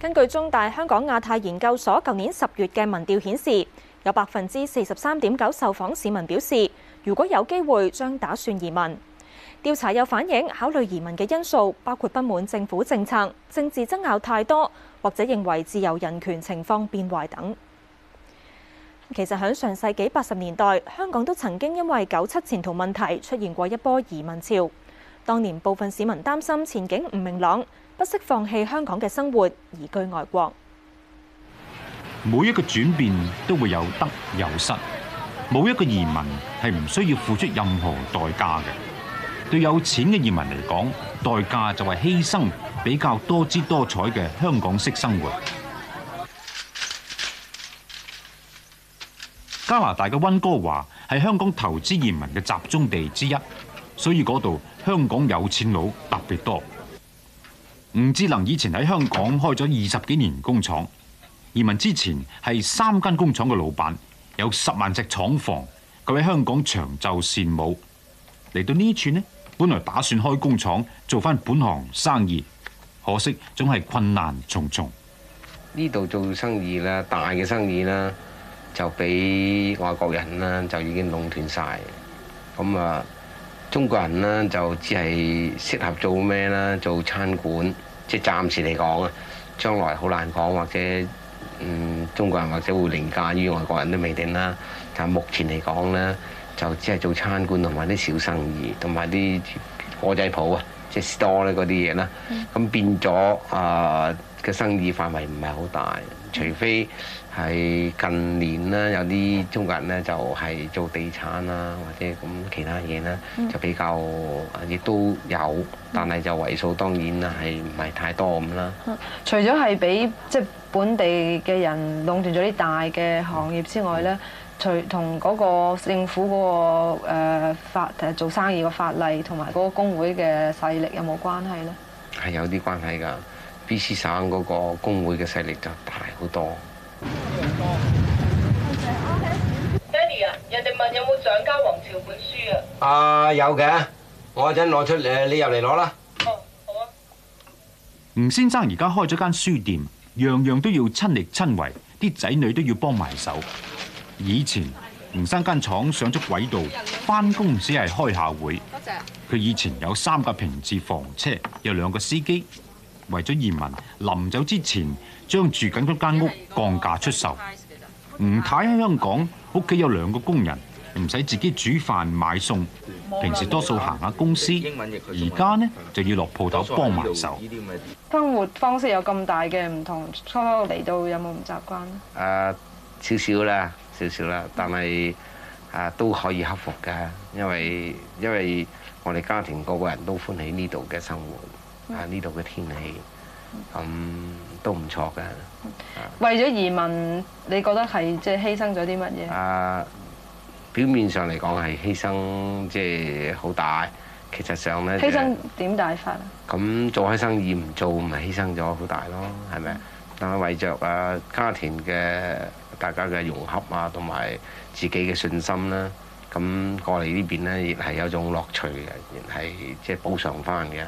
根據中大香港亞太研究所舊年十月嘅民調顯示，有百分之四十三點九受訪市民表示，如果有機會將打算移民。調查又反映考慮移民嘅因素包括不滿政府政策、政治爭拗太多，或者認為自由人權情況變壞等。其實喺上世紀八十年代，香港都曾經因為九七前途問題出現過一波移民潮。當年部分市民擔心前景唔明朗，不惜放棄香港嘅生活，移居外國，每一個轉變都會有得有失。冇一個移民係唔需要付出任何代價嘅。對有錢嘅移民嚟講，代價就係犧牲比較多姿多彩嘅香港式生活。加拿大嘅温哥華係香港投資移民嘅集中地之一，所以嗰度香港有錢佬特別多。吳志林以前喺香港開咗二十幾年工廠，移民之前係三間工廠嘅老闆，有十萬隻廠房，佢喺香港長袖善舞。嚟到呢處呢，本來打算開工廠做翻本行生意，可惜總係困難重重。呢度做生意啦，大嘅生意啦，就俾外國人啦就已經壟斷晒，咁啊。中國人呢就只係適合做咩啦？做餐館，即係暫時嚟講啊，將來好難講，或者嗯中國人或者會凌駕於外國人都未定啦。但係目前嚟講呢，就只係做餐館同埋啲小生意，同埋啲火仔鋪啊，即係 store 咧嗰啲嘢啦。咁、嗯、變咗啊！呃嘅生意範圍唔係好大，除非係近年啦，有啲中國人咧就係做地產啦，或者咁其他嘢啦，就比較亦都有，但係就為數當然係唔係太多咁啦。除咗係俾即係本地嘅人壟斷咗啲大嘅行業之外咧，除同嗰個政府嗰個誒法誒做生意嘅法例同埋嗰個工會嘅勢力有冇關係咧？係有啲關係㗎。B C 省嗰個工會嘅勢力就大好多。爹哋啊，人哋問有冇上家王朝本書啊？啊有嘅，我陣攞出嚟，你入嚟攞啦。哦，好啊。吳先生而家開咗間書店，樣樣都要親力親為，啲仔女都要幫埋手。以前吳生間廠上咗軌道，翻工只係開下會。多謝。佢以前有三架平治房車，有兩個司機。為咗移民，臨走之前將住緊嗰間屋降價出售。吳太喺香港屋企有兩個工人，唔使自己煮飯買餸，平時多數行下公司。而家呢就要落鋪頭幫埋手。生活方式有咁大嘅唔同，初初嚟到有冇唔習慣？啊，少少啦，少少啦，但係啊都可以克服㗎，因為因為我哋家庭個個人都歡喜呢度嘅生活。啊！呢度嘅天氣咁都唔錯㗎。為咗移民，你覺得係即係犧牲咗啲乜嘢啊？表面上嚟講係犧牲，即係好大。其實上咧，犧牲點大法啊？咁做開生意唔做，咪犧牲咗好大咯，係咪？但係為著啊家庭嘅大家嘅融合啊，同埋自己嘅信心啦，咁過嚟呢邊咧，亦係有種樂趣嘅，亦係即係補償翻嘅。